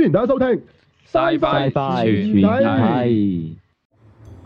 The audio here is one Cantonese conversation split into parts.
歡迎大家收聽，拜拜，拜拜。體體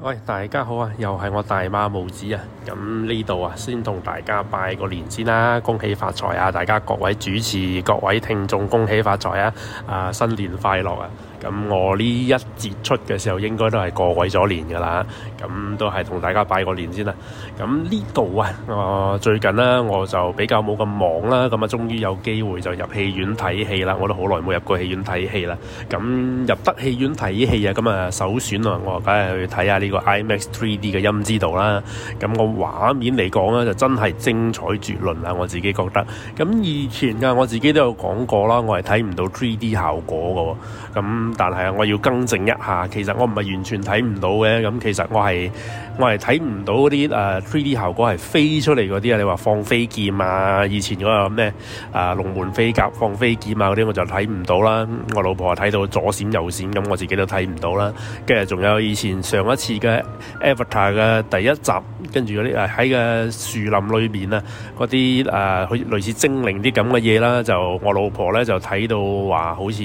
喂，大家好啊，又係我大馬毛子啊，咁呢度啊，先同大家拜個年先啦，啊，恭喜發財啊，大家各位主持、各位聽眾，恭喜發財啊，啊新年快樂啊，咁、嗯、我呢一節出嘅時候應該了了，啊，應、嗯、該都係過鬼咗年噶啦，咁都係同大家拜個年先啦，咁呢度啊，我、嗯啊呃、最近呢、啊，我就比較冇咁忙啦，咁啊，終、嗯、於有機會就入戲院睇戲啦，我都好耐冇入過戲院睇戲啦，咁、嗯、入得戲院睇戲啊，咁、嗯、啊首選啊，我梗係去睇下呢。IMAX 3D 嘅音知道啦，咁個畫面嚟講咧就真係精彩絕倫啦，我自己覺得。咁以前啊，我自己都有講過啦，我係睇唔到 3D 效果㗎。咁但係我要更正一下，其實我唔係完全睇唔到嘅。咁其實我係，我係睇唔到嗰啲誒、呃、3D 效果係飛出嚟嗰啲啊。你話放飛劍啊，以前嗰個咩啊、呃、龍門飛甲放飛劍啊嗰啲我就睇唔到啦。我老婆睇到左閃右閃，咁我自己都睇唔到啦。跟住仲有以前上一次嘅 Avatar 嘅第一集，跟住嗰啲誒喺個樹林裏邊啊，嗰啲誒類似精靈啲咁嘅嘢啦，就我老婆咧就睇到話好似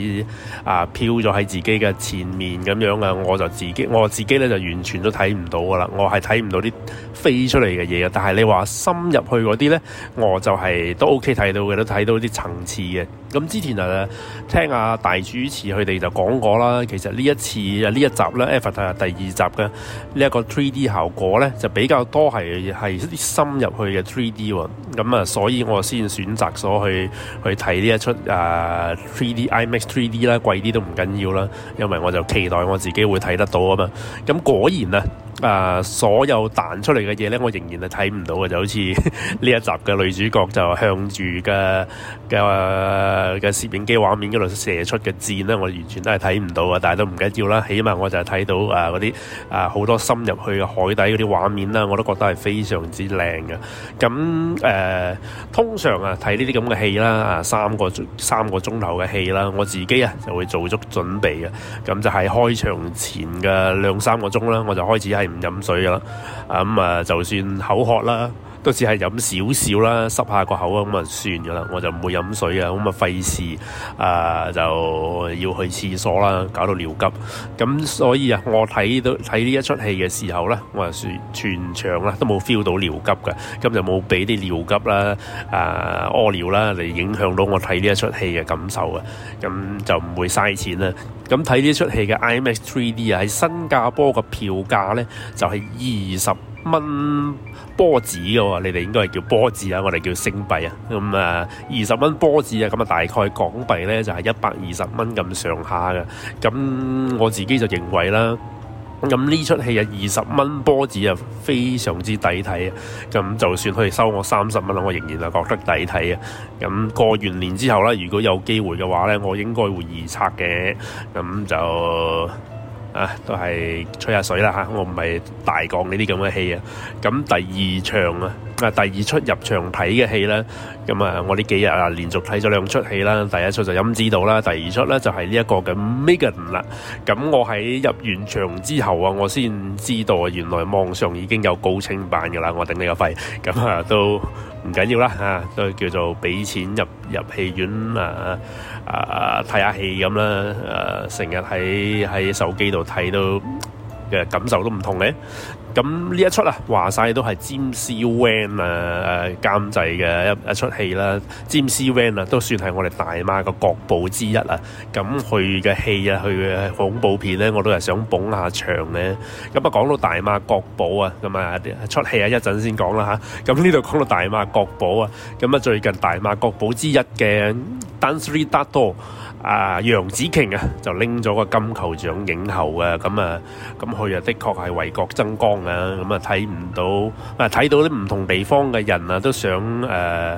啊。呃跳咗喺自己嘅前面咁樣啊，我就自己，我自己咧就完全都睇唔到噶啦，我係睇唔到啲飛出嚟嘅嘢啊。但係你話深入去啲咧，我就係都 OK 睇到嘅，都睇到啲層次嘅。咁之前啊，聽阿大主持佢哋就講過啦，其實呢一次啊，呢一集咧，Ever 第二集嘅呢一個 3D 效果咧，就比較多係係深入去嘅 3D 咁啊，所以我先選擇咗去去睇呢一出誒 3D IMAX 3D 啦，啊、D, D，貴啲都唔貴。唔緊要啦，因為我就期待我自己會睇得到啊嘛。咁果然啊，啊所有彈出嚟嘅嘢咧，我仍然係睇唔到嘅，就好似呢一集嘅女主角就向住嘅嘅嘅攝影機畫面度射出嘅箭咧，我完全都係睇唔到，到啊。但係都唔緊要啦，起碼我就係睇到啊啲啊好多深入去海底啲畫面啦，我都覺得係非常之靚嘅。咁誒、啊、通常啊睇呢啲咁嘅戲啦，啊三個三個鐘頭嘅戲啦，我自己啊就會做咗。準備嘅，咁就係開場前嘅兩三個鐘啦，我就開始係唔飲水噶啦，咁啊就算口渴啦。都只係飲少少啦，濕下個口咁啊算噶啦，我就唔會飲水啊，咁啊費事啊就要去廁所啦，搞到尿急。咁所以啊，我睇到睇呢一出戲嘅時候咧，我係全全場啦都冇 feel 到尿急嘅，咁就冇俾啲尿急啦啊屙尿啦嚟影響到我睇呢一出戲嘅感受啊，咁就唔會嘥錢啦。咁睇呢出戲嘅 IMAX 3D 啊，喺新加坡嘅票價咧就係二十蚊波子嘅喎，你哋應該係叫波子啊，我哋叫星幣啊。咁啊，二十蚊波子啊，咁啊大概港幣咧就係一百二十蚊咁上下嘅。咁我自己就認為啦。咁呢出戲啊，二十蚊波子啊，非常之抵睇啊。咁就算佢哋收我三十蚊，我仍然係覺得抵睇啊。咁過完年之後咧，如果有機會嘅話咧，我應該會預測嘅。咁就。啊，都係吹下水啦嚇，我唔係大講呢啲咁嘅戲啊。咁第二場啊，啊第二出入場睇嘅戲咧，咁啊，我呢幾日啊連續睇咗兩出戲啦。第一出就陰子道啦，第二出咧就係呢一個嘅 Megan 啦。咁我喺入完場之後啊，我先知道啊，原來網上已經有高清版噶啦。我頂你個肺，咁啊都唔緊要啦嚇，都叫做俾錢入入戲院啊。啊，睇下戲咁啦，誒、呃，成日喺喺手機度睇到嘅感受都唔同嘅。咁呢一出啊，話晒都係 James Wan 啊監製嘅一一出戲啦。James Wan 啊，都算係我哋大馬嘅國寶之一啊。咁佢嘅戲啊，佢嘅恐怖片咧，我都係想捧下場咧。咁、嗯、啊，講到大馬國寶啊，咁、嗯、啊出戲啊，一陣先講啦吓，咁呢度講到大馬國寶啊，咁、嗯、啊最近大馬國寶之一嘅 Tan Sri Dato 啊，楊紫瓊啊，就拎咗個金球獎影后啊。咁、嗯、啊，咁佢啊，嗯、的確係為國爭光。啊，咁啊睇唔到，啊睇到啲唔同地方嘅人啊，都想誒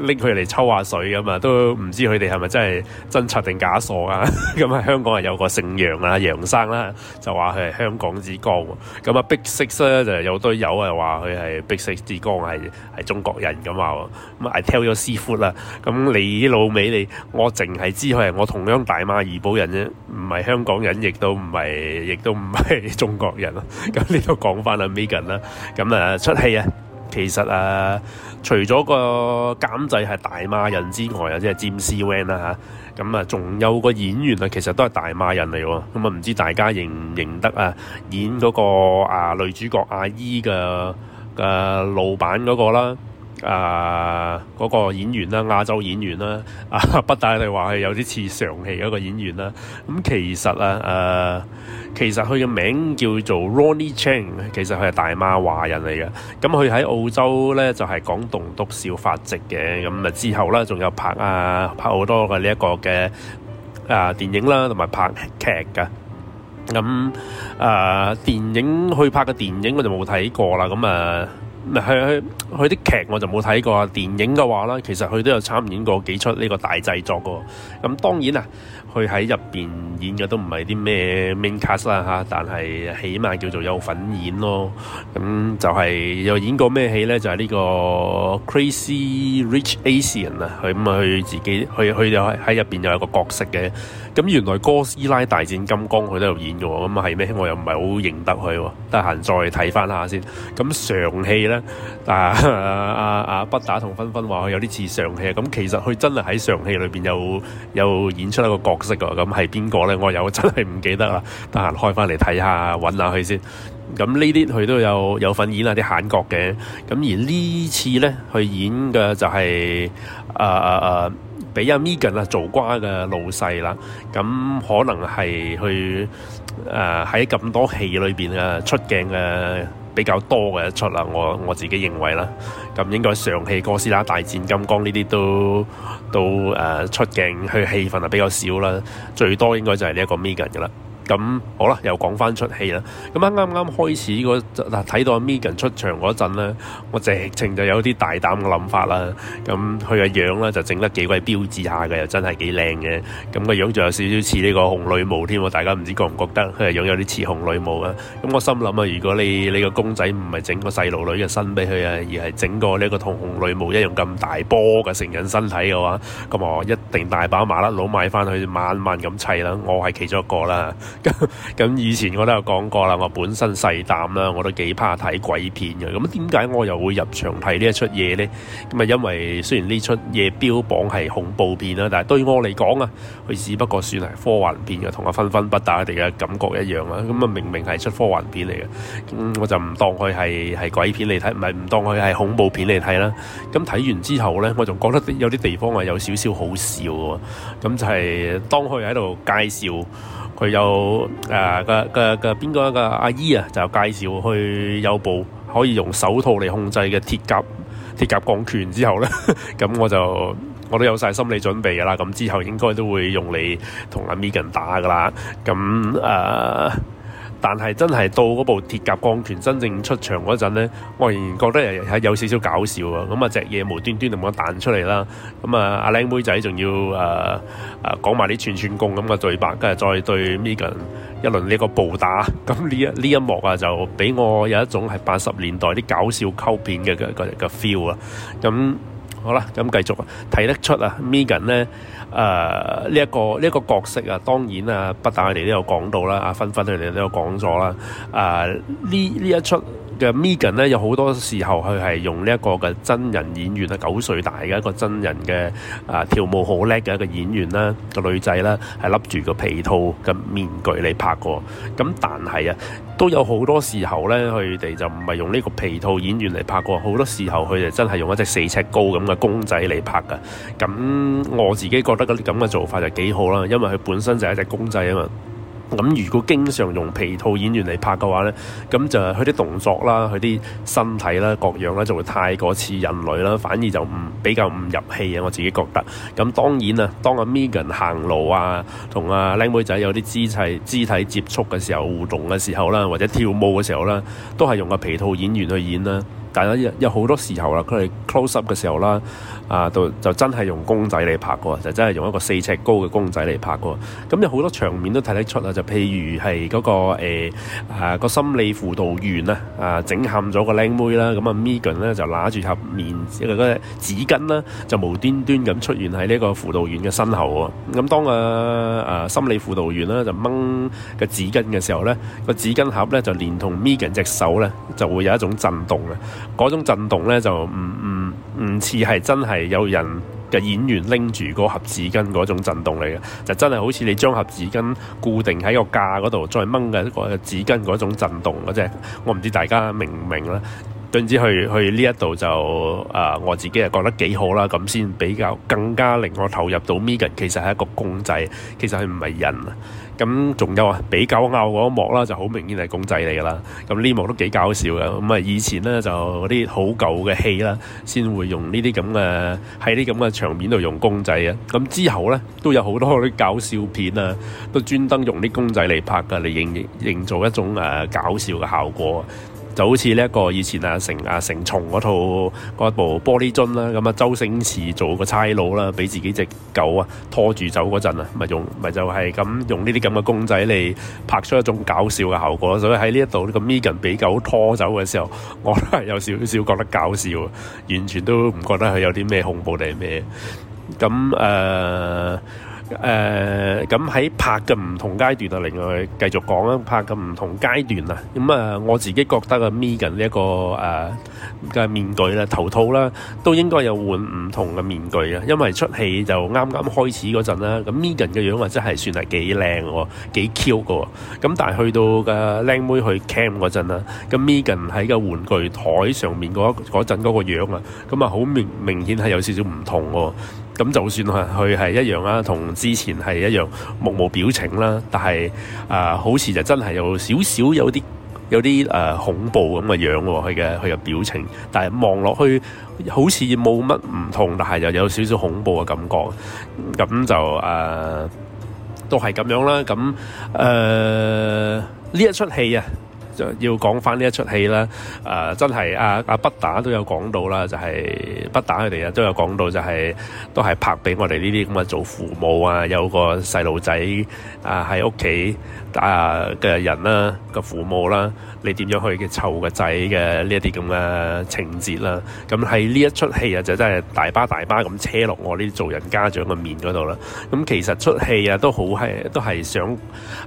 拎佢嚟抽下水咁啊，都唔知佢哋係咪真係真拆定假傻啊？咁啊，香港係有個姓楊啊，楊生啦，就話佢係香港之光。咁啊，Big Six 咧就有堆友啊話佢係 Big Six 之光係係中國人咁啊。咁啊係 tell 咗師傅啦，咁你老味你，我淨係知佢係我同鄉大馬怡保人啫，唔係香港人，亦都唔係亦都唔係中國人咯。咁呢個講。講翻阿 Megan 啦，咁啊出戲啊，其實啊，除咗個監製係大馬人之外，有即係 James Wan 啦、啊、嚇，咁啊仲有個演員啊，其實都係大馬人嚟喎，咁啊唔知大家認唔認得啊？演嗰、那個啊女主角阿姨嘅嘅、啊、老闆嗰、那個啦。啊啊，嗰、uh, 個演員啦，亞洲演員啦，啊，Peter 你話係有啲似常戲嗰個演員啦。咁其實啊，誒，其實佢嘅、啊、名叫做 Ronny Chieng，其實佢係大馬華人嚟嘅。咁佢喺澳洲咧就係、是、講棟篤笑發跡嘅。咁啊之後咧，仲有拍啊拍好多嘅呢一個嘅啊電影啦，同埋拍劇嘅。咁啊電影去拍嘅電影我就冇睇過啦。咁啊～佢啲、啊、劇我就冇睇過啊，電影嘅話啦，其實佢都有參演過幾出呢個大製作嘅，咁、嗯、當然啊。佢喺入邊演嘅都唔係啲咩 main cast 啦嚇，但係起碼叫做有份演咯。咁就係又演過咩戲咧？就係呢個 Crazy Rich Asian 啊，咁啊佢自己佢佢就喺入邊有個角色嘅。咁原來哥斯拉大戰金剛佢都有演嘅喎，咁啊係咩？我又唔係好認得佢喎，得閒再睇翻下先。咁尚氣咧，啊啊啊！Peter 同芬芬話佢有啲似尚氣啊，咁其實佢真係喺尚氣裏邊有有演出一個角。咁係邊個咧？我又真係唔記得啦，得閒開翻嚟睇下，揾下佢先。咁呢啲佢都有有份演下啲閒角嘅。咁而呢次咧，佢演嘅就係啊啊啊，俾、呃、阿 Megan 啊做瓜嘅老細啦。咁可能係佢啊喺咁多戲裏邊嘅出鏡嘅比較多嘅一出啦，我我自己認為啦，咁應該上戲哥斯拉大戰金剛呢啲都都誒、呃、出鏡佢戲份啊比較少啦，最多應該就係呢一個 Megan 嘅啦。咁好啦，又講翻出戲啦。咁啊，啱啱開始嗰，睇到阿 Megan 出場嗰陣呢，我直情就有啲大膽嘅諗法啦。咁佢嘅樣呢，就整得幾鬼標緻下嘅，又真係幾靚嘅。咁個樣仲有少少似呢個紅女巫添喎。大家唔知覺唔覺得佢個樣有啲似紅女巫啊？咁我心諗啊，如果你你個公仔唔係整個細路女嘅身畀佢啊，而係整個呢個同紅女巫一樣咁大波嘅成人身體嘅話，咁我一定大把馬甩佬買翻去，慢慢咁砌啦。我係其中一個啦。咁 以前我都有講過啦，我本身細膽啦，我都幾怕睇鬼片嘅。咁點解我又會入場睇呢一出嘢呢？咁啊，因為雖然呢出嘢標榜係恐怖片啦，但係對我嚟講啊，佢只不過算係科幻片嘅，同我「分分不打」地嘅感覺一樣啊。咁啊，明明係出科幻片嚟嘅，我就唔當佢係係鬼片嚟睇，唔係唔當佢係恐怖片嚟睇啦。咁睇完之後呢，我仲覺得有啲地方係有少少好笑嘅。咁就係、是、當佢喺度介紹佢有。好誒，個個個邊個個阿姨啊，就介紹去有部可以用手套嚟控制嘅鐵甲鐵甲鋼拳之後咧，咁我就我都有晒心理準備噶啦，咁之後應該都會用嚟同阿 M3GAN 打噶啦，咁誒。但係真係到嗰部《鐵甲鋼拳》真正出場嗰陣咧，我仍然覺得有少少搞笑啊！咁啊，隻嘢無端端就冇彈出嚟啦。咁啊，阿靚妹仔仲要誒誒講埋啲串串功咁嘅對白，跟住再對 M3GAN 一輪呢個暴打。咁呢一呢一幕啊，就俾我有一種係八十年代啲搞笑溝片嘅嘅嘅 feel 啊！咁。好啦，咁繼續啊，睇得出啊，Megan 咧，誒呢一個呢一個角色啊，當然啊，北大佢哋都有講到啦，啊芬芬佢哋都有講咗啦，啊呢呢一出，嘅 M3GAN 咧，有好多時候佢係用呢一個嘅真人演員啊，九歲大嘅一個真人嘅啊跳舞好叻嘅一個演員啦，個女仔啦，係笠住個皮套嘅面具嚟拍過。咁但係啊，都有好多時候咧，佢哋就唔係用呢個皮套演員嚟拍過。好多時候佢哋真係用一隻四尺高咁嘅公仔嚟拍㗎。咁我自己覺得嗰啲咁嘅做法就幾好啦，因為佢本身就係一隻公仔啊嘛。咁如果經常用皮套演員嚟拍嘅話呢，咁就係佢啲動作啦、佢啲身體啦、各樣啦，就會太過似人類啦，反而就唔比較唔入戲啊。我自己覺得咁當然啊，當阿 Megan 行路啊，同阿靚妹仔有啲肢體、肢體接觸嘅時候、互動嘅時候啦，或者跳舞嘅時候啦，都係用個皮套演員去演啦。但係有好多時候啦，佢係 close up 嘅時候啦。啊，度就真係用公仔嚟拍過，就真係用一個四尺高嘅公仔嚟拍過。咁有好多場面都睇得出啊！就譬如係嗰、嗰個誒、呃、啊個心理輔導員啊啊整喊咗個靚妹啦，咁啊 Megan 咧就揦住盒面，即係嗰隻紙巾啦、啊，就無端端咁出現喺呢個輔導員嘅身後喎。咁當啊啊，啊心理輔導員啦、啊、就掹個紙巾嘅時候咧，個紙巾盒咧就連同 Megan 隻手咧就會有一種震動啊！嗰種震動咧就唔唔～唔似係真係有人嘅演員拎住嗰盒紙巾嗰種震動嚟嘅，就真係好似你將盒紙巾固定喺個架嗰度，再掹緊個紙巾嗰種震動嗰隻，我唔知大家明唔明啦。總之去去呢一度就啊、呃，我自己係覺得幾好啦，咁先比較更加令我投入到 M3GAN，其實係一個公仔，其實佢唔係人啊。咁仲有啊，俾狗咬嗰一幕啦，就好明顯係公仔嚟㗎啦。咁呢幕都幾搞笑㗎。咁啊，以前咧就嗰啲好舊嘅戲啦，先會用呢啲咁嘅喺啲咁嘅場面度用公仔啊。咁之後咧都有好多啲搞笑片啊，都專登用啲公仔嚟拍㗎，嚟營營造一種誒、啊、搞笑嘅效果。就好似呢一個以前阿、啊、成阿、啊、成松嗰套嗰部玻璃樽啦、啊，咁啊周星馳做個差佬啦，畀自己隻狗啊拖住走嗰陣啊，咪用咪就係咁用呢啲咁嘅公仔嚟拍出一種搞笑嘅效果。所以喺呢一度咁、呢個、Megan 畀狗拖走嘅時候，我都係有少少覺得搞笑，完全都唔覺得佢有啲咩恐怖定係咩咁誒。誒咁喺拍嘅唔同階段啊，另外繼續講啦，拍嘅唔同階段啦，咁啊我自己覺得啊 Megan 呢、這、一個誒嘅、uh，面具啦、頭套啦，都應該有換唔同嘅面具啊，因為出戲就啱啱開始嗰陣啦，咁 Megan 嘅樣或者係算係幾靚喎，幾 Q 嘅喎，咁但係去到嘅靚妹去 camp 嗰陣啦，咁 Megan 喺個玩具枱上面嗰嗰陣嗰個樣啊，咁啊好明明顯係有少少唔同喎。咁就算佢係一樣啦，同之前係一樣目無表情啦，但係啊、呃，好似就真係有少少有啲有啲誒、呃、恐怖咁嘅樣喎，佢嘅佢嘅表情，但係望落去好似冇乜唔同，但係又有少少恐怖嘅感覺，咁就誒、呃、都係咁樣啦。咁誒呢一出戲啊～要講翻呢一出戲啦，誒、呃、真係阿阿北打都有講到啦，就係北打佢哋啊都有講到，就係都係拍俾我哋呢啲咁嘅做父母啊有個細路仔啊喺屋企，打啊嘅人啦，個父母啦、啊，你點樣去湊個仔嘅呢一啲咁嘅情節啦、啊？咁喺呢一出戲啊，就真係大巴大巴咁車落我呢啲做人家長嘅面度啦。咁其實出戲啊，都好係都係想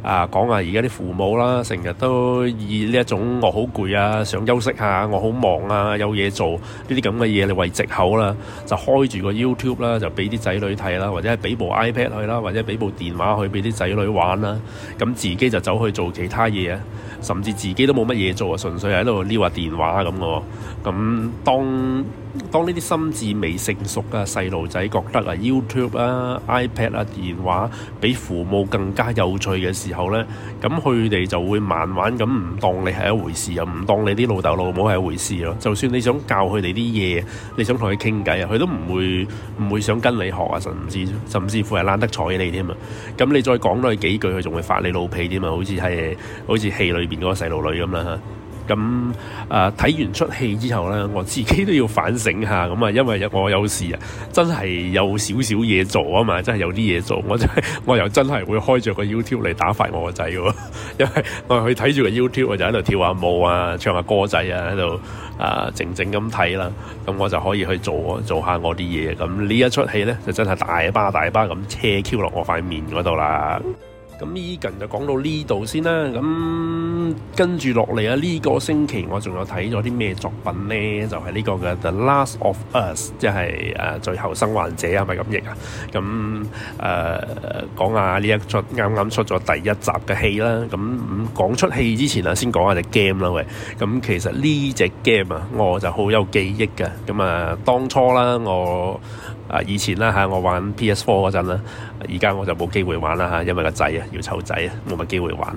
啊講下而家啲父母啦、啊，成日都以呢一種我好攰啊，想休息下，我好忙啊，有嘢做呢啲咁嘅嘢嚟為借口啦、啊，就開住個 YouTube 啦、啊，就俾啲仔女睇啦、啊，或者係俾部 iPad 去啦、啊，或者俾部電話去俾啲仔女玩啦、啊，咁自自己就走去做其他嘢啊，甚至自己都冇乜嘢做啊，純粹喺度撩下電話咁嘅。咁當。當呢啲心智未成熟嘅細路仔覺得 you 啊 YouTube 啊 iPad 啊，電話比父母更加有趣嘅時候呢，咁佢哋就會慢慢咁唔當你係一回事啊，唔當你啲老豆老母係一回事咯。就算你想教佢哋啲嘢，你想同佢傾偈啊，佢都唔會唔會想跟你學啊，甚至甚至乎係懶得睬你添啊。咁你再講多佢幾句，佢仲會發你老脾添啊，好似係好似戲裏邊嗰個細路女咁啦。咁啊睇完出戲之後呢，我自己都要反省下咁啊、嗯，因為我有時啊，真係有少少嘢做啊嘛，真係有啲嘢做，我就係我又真係會開着個 YouTube 嚟打發我個仔喎，因為我去睇住個 YouTube，我就喺度跳下舞啊，唱下歌仔啊，喺度啊靜靜咁睇啦，咁、嗯、我就可以去做做下我啲嘢，咁、嗯、呢一出戲呢，就真係大巴大巴咁車 Q 落我塊面嗰度啦。咁呢 g a 就講到呢度先啦，咁跟住落嚟啊，呢、這個星期我仲有睇咗啲咩作品呢？就係、是、呢、這個嘅《The Last of Us》呃，即係誒最後生還者啊，係咪咁譯啊？咁誒、呃、講下呢一出啱啱出咗第一集嘅戲啦。咁講出戲之前啊，先講下隻 game 啦，喂。咁其實呢隻 game 啊，我就好有記憶嘅。咁啊、呃，當初啦，我。啊！以前啦嚇，我玩 PS4 嗰陣啦，而家我就冇機會玩啦嚇，因為個仔啊要湊仔啊，冇乜機會玩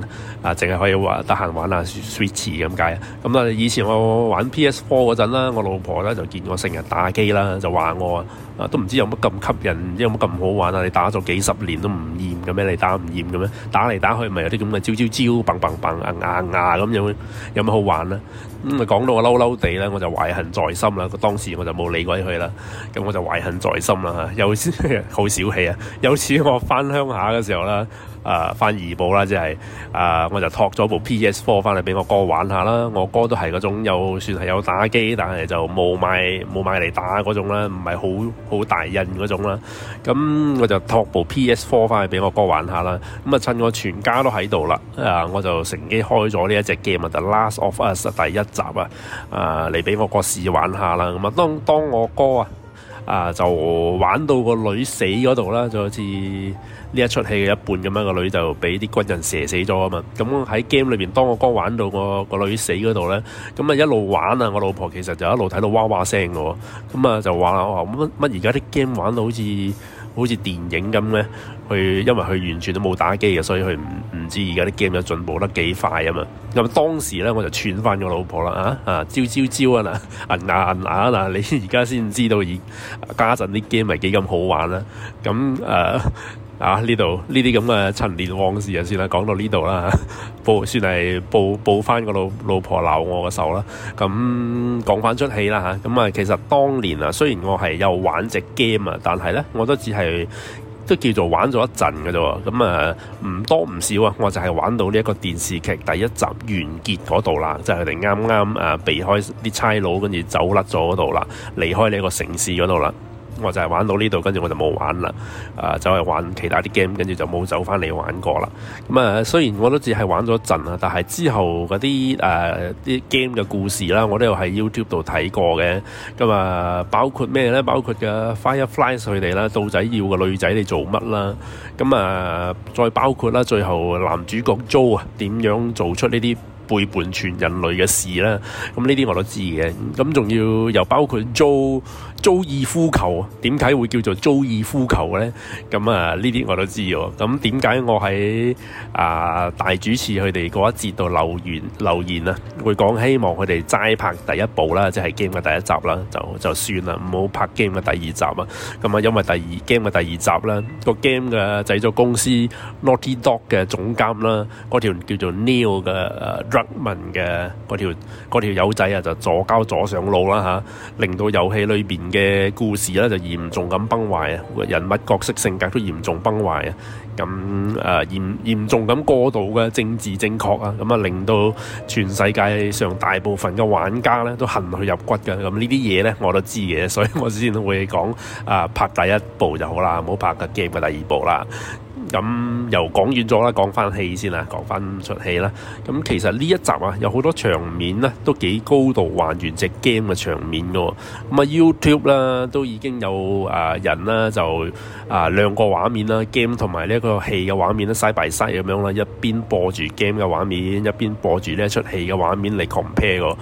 啊，淨係可以話得閒玩下 Switch 咁解。咁啊，以前我玩 PS4 嗰陣啦，我老婆咧就見我成日打機啦，就話我，都唔知有乜咁吸引，有乜咁好玩啊？你打咗幾十年都唔厭嘅咩？你打唔厭嘅咩？打嚟打去咪有啲咁嘅招招招，嘣嘣嘣，啊啊啊咁、啊、樣，有乜好玩咧、啊？咁、嗯、咪講到我嬲嬲地咧，我就懷恨在心啦。個當時我就冇理鬼佢啦。咁我就懷恨在心啦嚇。有時好 小氣啊！有次我翻鄉下嘅時候咧。誒、啊、翻二部啦，即係誒、啊、我就托咗部 PS4 翻嚟俾我哥玩下啦。我哥都係嗰種有算係有打機，但係就冇買冇買嚟打嗰種,種啦，唔係好好大印嗰種啦。咁我就托部 PS4 翻嚟俾我哥玩下啦。咁啊趁我全家都喺度啦，啊我就乘機開咗呢一隻 game 就《The Last of Us》第一集啊，誒嚟俾我哥試玩下啦。咁啊當當我哥啊啊就玩到個女死嗰度啦，就好似～呢一出戲嘅一半咁樣，個女就俾啲軍人射死咗啊嘛！咁喺 game 裏面，當我剛玩到個個女死嗰度咧，咁啊一路玩啊，我老婆其實就一路睇到哇哇聲嘅喎，咁啊就話我話乜乜而家啲 game 玩到好似好似電影咁咧，佢因為佢完全都冇打機嘅，所以佢唔唔知而家啲 game 有進步得幾快啊嘛！咁當時咧我就串翻個老婆啦，啊，朝朝朝啊，招招招啊，嗱，銀牙銀牙嗱，你而家先知道而家陣啲 game 咪幾咁好玩啦！咁、啊、誒。啊啊！呢度呢啲咁嘅陳年往事就先講呵呵算係講到呢度啦。報算係報報翻個老老婆鬧我嘅仇啦。咁講翻出戲啦嚇。咁啊，其實當年啊，雖然我係又玩隻 game 啊，但係咧，我都只係都叫做玩咗一陣嘅啫。咁啊，唔多唔少啊，我就係玩到呢一個電視劇第一集完結嗰度啦，就係佢哋啱啱啊避開啲差佬，跟住走甩咗嗰度啦，離開呢一個城市嗰度啦。我就係玩到呢度，跟住我就冇玩啦。啊、呃，走嚟玩其他啲 game，跟住就冇走翻嚟玩過啦。咁、嗯、啊，雖然我都只係玩咗一陣啊，但係之後嗰啲誒啲 game 嘅故事啦，我都有喺 YouTube 度睇過嘅。咁、嗯、啊，包括咩咧？包括嘅 Fireflies 佢哋啦，到底要個女仔你做乜啦？咁、嗯、啊、嗯，再包括啦，最後男主角 Joe 啊，點樣做出呢啲背叛全人類嘅事啦？咁呢啲我都知嘅。咁、嗯、仲要又包括 Joe 租爾夫球，點解會叫做租爾夫球咧？咁啊，呢啲我都知喎。咁點解我喺啊大主持佢哋嗰一節度留言留言啊，會講希望佢哋齋拍第一部啦，即係 game 嘅第一集啦，就就算啦，唔好拍 game 嘅第二集啊。咁啊，因為第二 game 嘅第二集啦，個 game 嘅製作公司、mm hmm. Naughty Dog 嘅總監啦，條叫做 Neil 嘅啊 Druckmann 嘅條條友仔啊，就左膠左上腦啦吓、啊、令到遊戲裡邊。嘅故事咧就嚴重咁崩壞啊，人物角色性格都嚴重崩壞啊，咁誒嚴嚴重咁過度嘅政治正確啊，咁啊令到全世界上大部分嘅玩家咧都恨佢入骨嘅，咁呢啲嘢咧我都知嘅，所以我之前都會講啊、呃、拍第一部就好啦，唔好拍個 game 嘅第二部啦。咁、嗯、又講遠咗啦，講翻戲先啦，講翻出戲啦。咁、嗯、其實呢一集啊，有好多場面咧，啊，都幾高度還原隻 game 嘅場面噶。咁、嗯、啊 YouTube 啦，都已經有人啊人啦，就啊兩個畫面啦，啊，game 同埋呢個戲嘅畫面都 side by side 咁樣啦，啊，一邊播住 game 嘅畫面，一邊播住呢一出戲嘅畫面嚟 compare 喎。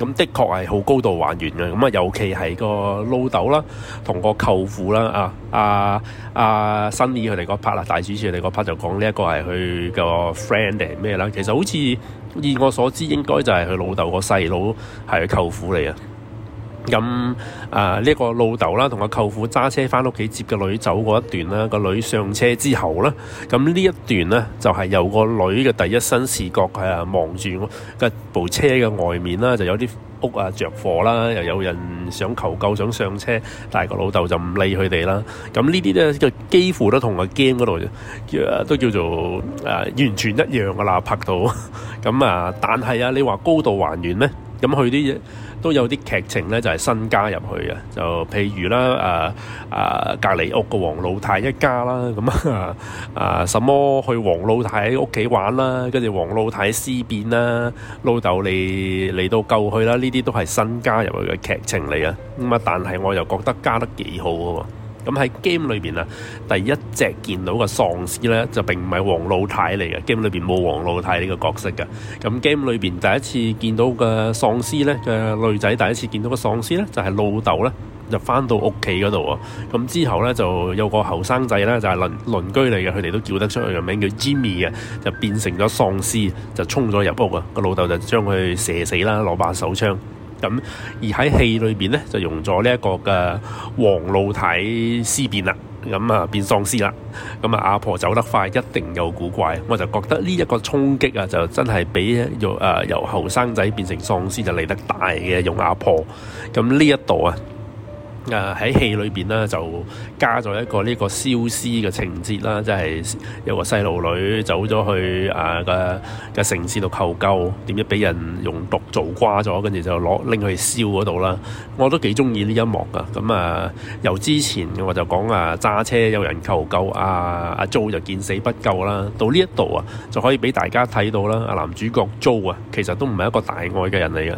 咁的確係好高度還原嘅，咁啊尤其係個老豆啦，同個舅父啦，啊啊啊辛尼佢哋個 part 啦，大主持佢哋個 part 就講呢一個係佢個 friend 定係咩啦，其實好似以我所知應該就係佢老豆個細佬係佢舅父嚟啊。咁啊，呢、這個老豆啦，同個舅父揸車翻屋企接個女走嗰一段啦，個、啊、女上車之後咧，咁、啊、呢一段呢，就係、是、由個女嘅第一身視角視覺係啊，望住部車嘅外面啦、啊，就有啲屋啊着火啦、啊，又有人想求救想上車，但係個老豆就唔理佢哋啦。咁、啊、呢啲咧就幾乎都同個 game 嗰度都叫做啊完全一樣嘅、啊、啦，拍到咁啊，但係啊，你話高度還原呢，咁佢啲都有啲劇情咧，就係新加入去嘅，就譬如啦，誒、啊、誒、啊、隔離屋個黃老太一家啦，咁啊，啊什麼去黃老太屋企玩啦，跟住黃老太屍變啦，老豆嚟嚟到救佢啦，呢啲都係新加入去嘅劇情嚟嘅。咁啊，但係我又覺得加得幾好喎。咁喺 game 裏邊啊，第一隻見到個喪屍咧，就並唔係黃老太嚟嘅。game 裏邊冇黃老太呢個角色嘅。咁 game 裏邊第一次見到嘅喪屍咧嘅女仔，第一次見到嘅喪屍咧就係老豆咧，就翻到屋企嗰度啊。咁之後咧就有個後生仔咧就係鄰鄰居嚟嘅，佢哋都叫得出佢嘅名叫 Jimmy 啊，就變成咗喪屍，就衝咗入屋啊！個老豆就將佢射死啦，攞把手槍。咁而喺戲裏邊咧，就用咗呢一個嘅黃老太屍變啦，咁啊變喪屍啦，咁、嗯、啊阿婆走得快一定有古怪，我就覺得呢一個衝擊啊，就真係比、呃、由誒由後生仔變成喪屍就嚟得大嘅用阿婆，咁呢一度啊。誒喺、啊、戲裏邊啦，就加咗一個呢個燒屍嘅情節啦，即係有個細路女走咗去誒嘅嘅城市度求救，點知俾人用毒做瓜咗，跟住就攞拎去燒嗰度啦。我都幾中意呢一幕噶。咁啊，由之前我就講啊揸車有人求救，阿阿 Joe 就見死不救啦。到呢一度啊，就可以俾大家睇到啦。阿男主角 Joe 啊，其實都唔係一個大愛嘅人嚟嘅。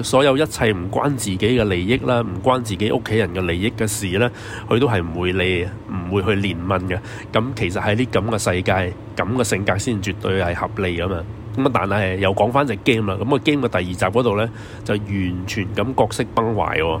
所有一切唔關自己嘅利益啦，唔關自己屋企人嘅利益嘅事咧，佢都係唔會理，唔會去憐憫嘅。咁其實喺呢咁嘅世界，咁嘅性格先絕對係合理㗎嘛。咁但係又講翻隻 game 啦。咁個 game 嘅第二集嗰度呢，就完全咁角色崩壞喎。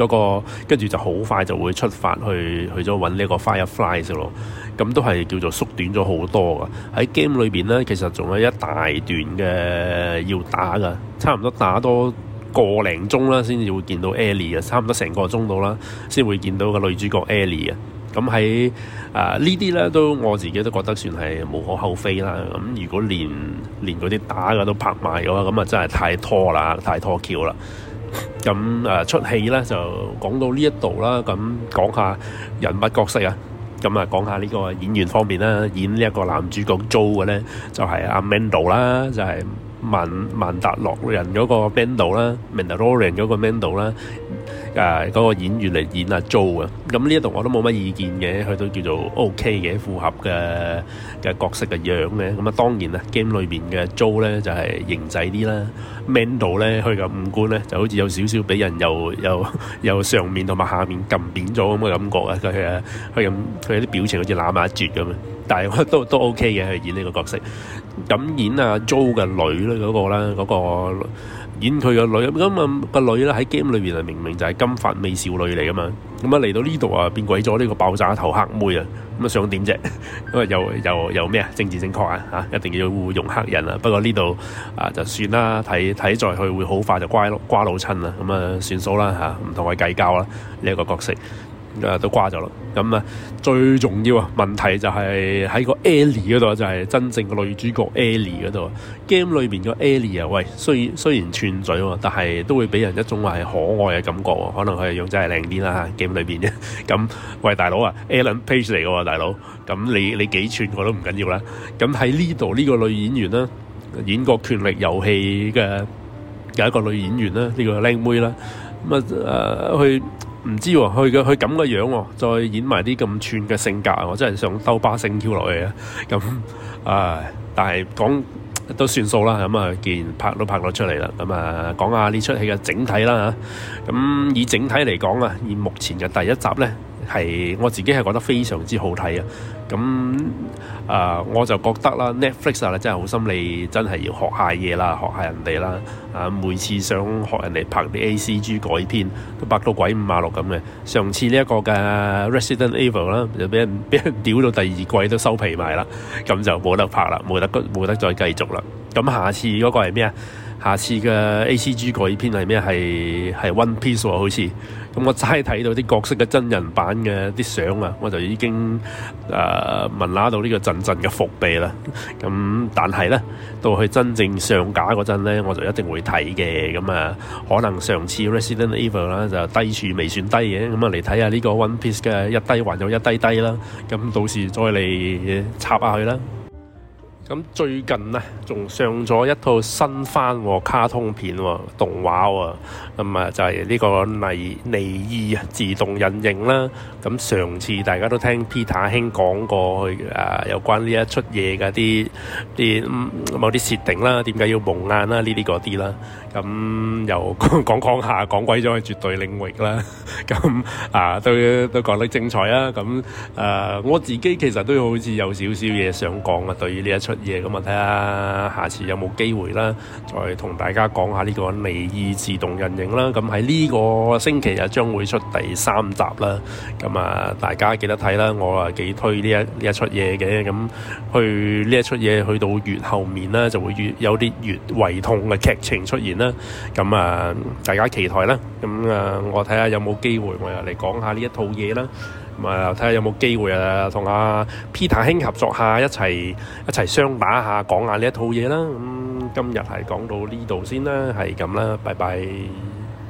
嗰個跟住就好快就會出發去去咗揾呢一個 fireflies 咯，咁都係叫做縮短咗好多噶。喺 game 裏邊咧，其實仲有一大段嘅要打噶，差唔多打多個零鐘啦，先至會見到 Ellie 啊，差唔多成個鐘度啦，先會見到個女主角 Ellie 啊。咁喺啊呢啲咧都我自己都覺得算係無可厚非啦。咁如果連連嗰啲打嘅都拍埋嘅話，咁啊真係太拖啦，太拖橋啦。咁誒，出戲咧就講到呢一度啦。咁講下人物角色啊，咁啊講下呢個演員方面啦。演呢個男主角 Joe 嘅咧，就係、是、阿 Mando 啦，就係萬萬達洛人嗰個 Mando 啦，Mandalorian 嗰個 Mando 啦。誒嗰個演員嚟演阿 Jo 啊，咁呢一度我都冇乜意見嘅，佢都叫做 OK 嘅，符合嘅嘅角色嘅樣嘅。咁啊，當然啦，game 裏面嘅 Jo 咧就係型仔啲啦，man 度咧佢嘅五官咧就好似有少少俾人又又又上面同埋下面撳扁咗咁嘅感覺啊，佢啊佢咁佢有啲表情好似攬馬絕咁啊，但係我都都 OK 嘅，佢演呢個角色。咁演啊 Jo 嘅女咧嗰個咧嗰個。演佢個女，咁啊個女啦喺 game 裏邊啊，明明就係金髮美少女嚟㗎嘛，咁、嗯、啊嚟到呢度啊，變鬼咗呢個爆炸頭黑妹啊，咁、嗯、啊想點啫？咁、嗯、啊又又又咩啊？政治正確啊嚇、啊，一定要會容黑人啊。不過呢度啊就算啦，睇睇在佢會好快就乖瓜老襯、嗯、啦啊，咁啊算數啦嚇，唔同佢計較啦呢、呢個角色。都掛咗咯，咁、嗯、啊最重要啊問題就係喺個 Ellie 嗰度，就係、是、真正個女主角 Ellie 嗰度 game 裏邊個 Ellie 啊，ally，喂，雖雖然串嘴喎，但係都會俾人一種話係可愛嘅感覺喎，可能佢樣真係靚啲啦，game 裏邊嘅。咁 喂，大佬啊，Ellen Page 嚟嘅喎，大佬，咁你你幾串我都唔緊要啦。咁喺呢度呢個女演員啦，演過《權力遊戲》嘅有一個女演員啦，這個、呢個靚妹啦，咁啊誒去。呃唔知喎、哦，佢嘅佢咁嘅樣,樣、哦，再演埋啲咁串嘅性格，我真係想兜巴星跳落去啊！咁、嗯、啊，但係講都算數啦，咁、嗯、啊，既然拍都拍咗出嚟啦，咁、嗯、啊，講下呢出戲嘅整體啦嚇，咁、嗯、以整體嚟講啊，以目前嘅第一集咧。係我自己係覺得非常之好睇啊！咁啊、呃，我就覺得啦，Netflix 啊，真係好心你，真係要學下嘢啦，學下人哋啦啊！每次想學人哋拍啲 ACG 改編，都拍到鬼五馬六咁嘅。上次呢一個嘅 Resident Evil 啦、啊，就俾人俾人屌到第二季都收皮埋啦，咁就冇得拍啦，冇得冇得再繼續啦。咁下次嗰個係咩啊？下次嘅 A C G 改編係咩？係係 One Piece 好似。咁我齋睇到啲角色嘅真人版嘅啲相啊，我就已經誒、呃、聞喇到呢個陣陣嘅伏筆啦。咁 但係咧，到去真正上架嗰陣咧，我就一定會睇嘅。咁啊，可能上次 Resident Evil 啦就低處未算低嘅，咁啊嚟睇下呢個 One Piece 嘅一低還有，一低低啦。咁到時再嚟插下佢啦。咁最近呢，仲上咗一套新番喎，卡通片、動畫喎，咁啊就係呢個尼尼爾自動人形啦。咁上次大家都聽 Peter 兄講過，誒啊有關呢一出嘢嘅啲啲某啲設定啦，點解要蒙眼啦，呢啲嗰啲啦。咁又講講下，講鬼咗去絕對領域啦。咁啊，都都講得精彩啦。咁誒，我自己其實都好似有少少嘢想講啊，對於呢一出。嘢咁啊，睇下下次有冇機會啦，再同大家講下呢個微意自動人形啦。咁喺呢個星期日將會出第三集啦。咁啊，大家記得睇啦。我啊幾推呢一呢一出嘢嘅。咁去呢一出嘢去到月後面啦，就會越有啲越胃痛嘅劇情出現啦。咁啊，大家期待啦。咁啊，我睇下有冇機會我又嚟講下呢一套嘢啦。睇下有冇機會啊，同阿 Peter 兄合作下一齊一齊雙打下講下呢一套嘢啦。咁、嗯、今日係講到呢度先啦，係咁啦，拜拜。